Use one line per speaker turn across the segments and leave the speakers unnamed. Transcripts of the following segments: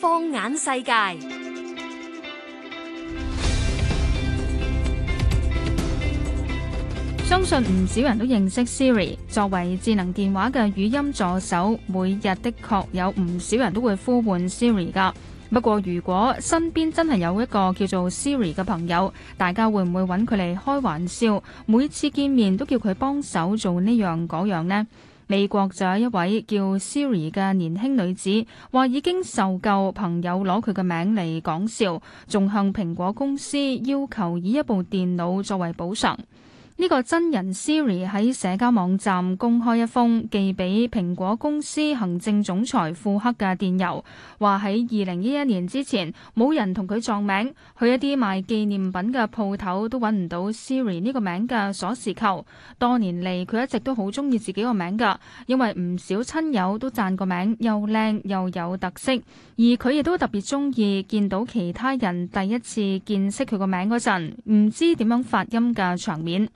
放眼世界，相信唔少人都認識 Siri。作為智能電話嘅語音助手，每日的確有唔少人都會呼喚 Siri 噶。不過，如果身邊真係有一個叫做 Siri 嘅朋友，大家會唔會揾佢嚟開玩笑？每次見面都叫佢幫手做呢樣嗰樣呢？美國就有一位叫 Siri 嘅年輕女子，話已經受夠朋友攞佢嘅名嚟講笑，仲向蘋果公司要求以一部電腦作為補償。呢個真人 Siri 喺社交網站公開一封寄俾蘋果公司行政總裁庫克嘅電郵，話喺二零一一年之前冇人同佢撞名，去一啲賣紀念品嘅鋪頭都揾唔到 Siri 呢個名嘅鎖匙扣。多年嚟，佢一直都好中意自己個名㗎，因為唔少親友都讚個名又靚又有特色，而佢亦都特別中意見到其他人第一次見識佢個名嗰陣，唔知點樣發音嘅場面。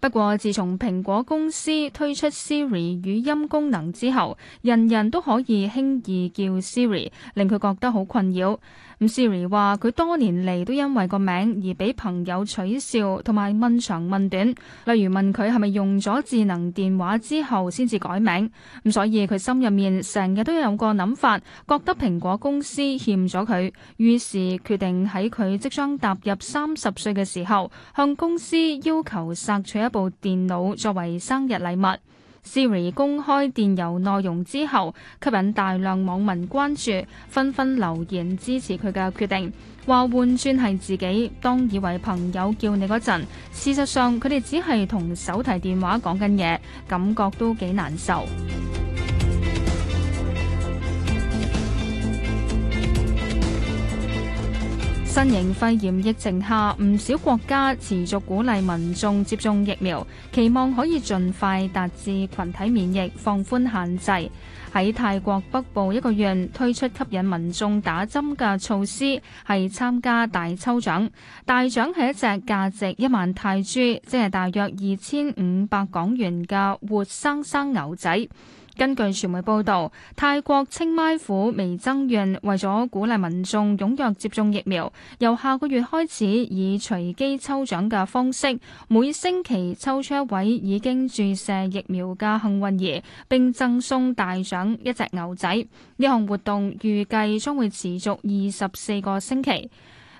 不過，自從蘋果公司推出 Siri 語音功能之後，人人都可以輕易叫 Siri，令佢覺得好困擾。咁 Siri 話佢多年嚟都因為個名而俾朋友取笑同埋問長問短，例如問佢係咪用咗智能電話之後先至改名。咁所以佢心入面成日都有個諗法，覺得蘋果公司欠咗佢，於是決定喺佢即將踏入三十歲嘅時候，向公司要求殺。取一部電腦作為生日禮物。Siri 公開電郵內容之後，吸引大量網民關注，紛紛留言支持佢嘅決定，話換轉係自己，當以為朋友叫你嗰陣，事實上佢哋只係同手提電話講緊嘢，感覺都幾難受。新型肺炎疫情下，唔少國家持續鼓勵民眾接種疫苗，期望可以盡快達至群體免疫，放寬限制。喺泰國北部一個縣推出吸引民眾打針嘅措施，係參加大抽獎，大獎係一隻價值一萬泰銖，即係大約二千五百港元嘅活生生牛仔。根據傳媒報導，泰國清邁府微增院為咗鼓勵民眾踴躍接種疫苗，由下個月開始以隨機抽獎嘅方式，每星期抽出一位已經注射疫苗嘅幸運兒，並贈送大獎一隻牛仔。呢項活動預計將會持續二十四個星期。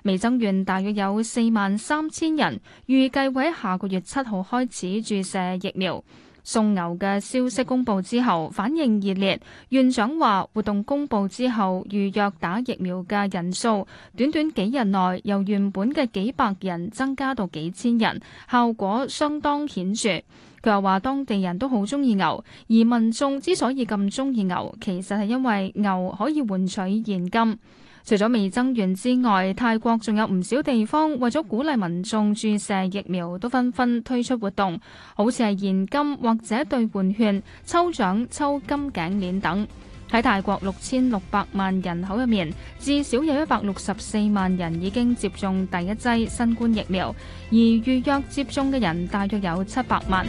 微增院大約有四萬三千人，預計會喺下個月七號開始注射疫苗。送牛嘅消息公布之後反應熱烈。院長話活動公布之後，預約打疫苗嘅人數，短短幾日內由原本嘅幾百人增加到幾千人，效果相當顯著。佢又話：當地人都好中意牛，而民眾之所以咁中意牛，其實係因為牛可以換取現金。除咗未增員之外，泰國仲有唔少地方為咗鼓勵民眾注射疫苗，都紛紛推出活動，好似係現金或者兌換券、抽獎、抽金頸鏈等。喺泰國六千六百萬人口入面，至少有一百六十四萬人已經接種第一劑新冠疫苗，而預約接種嘅人大約有七百萬。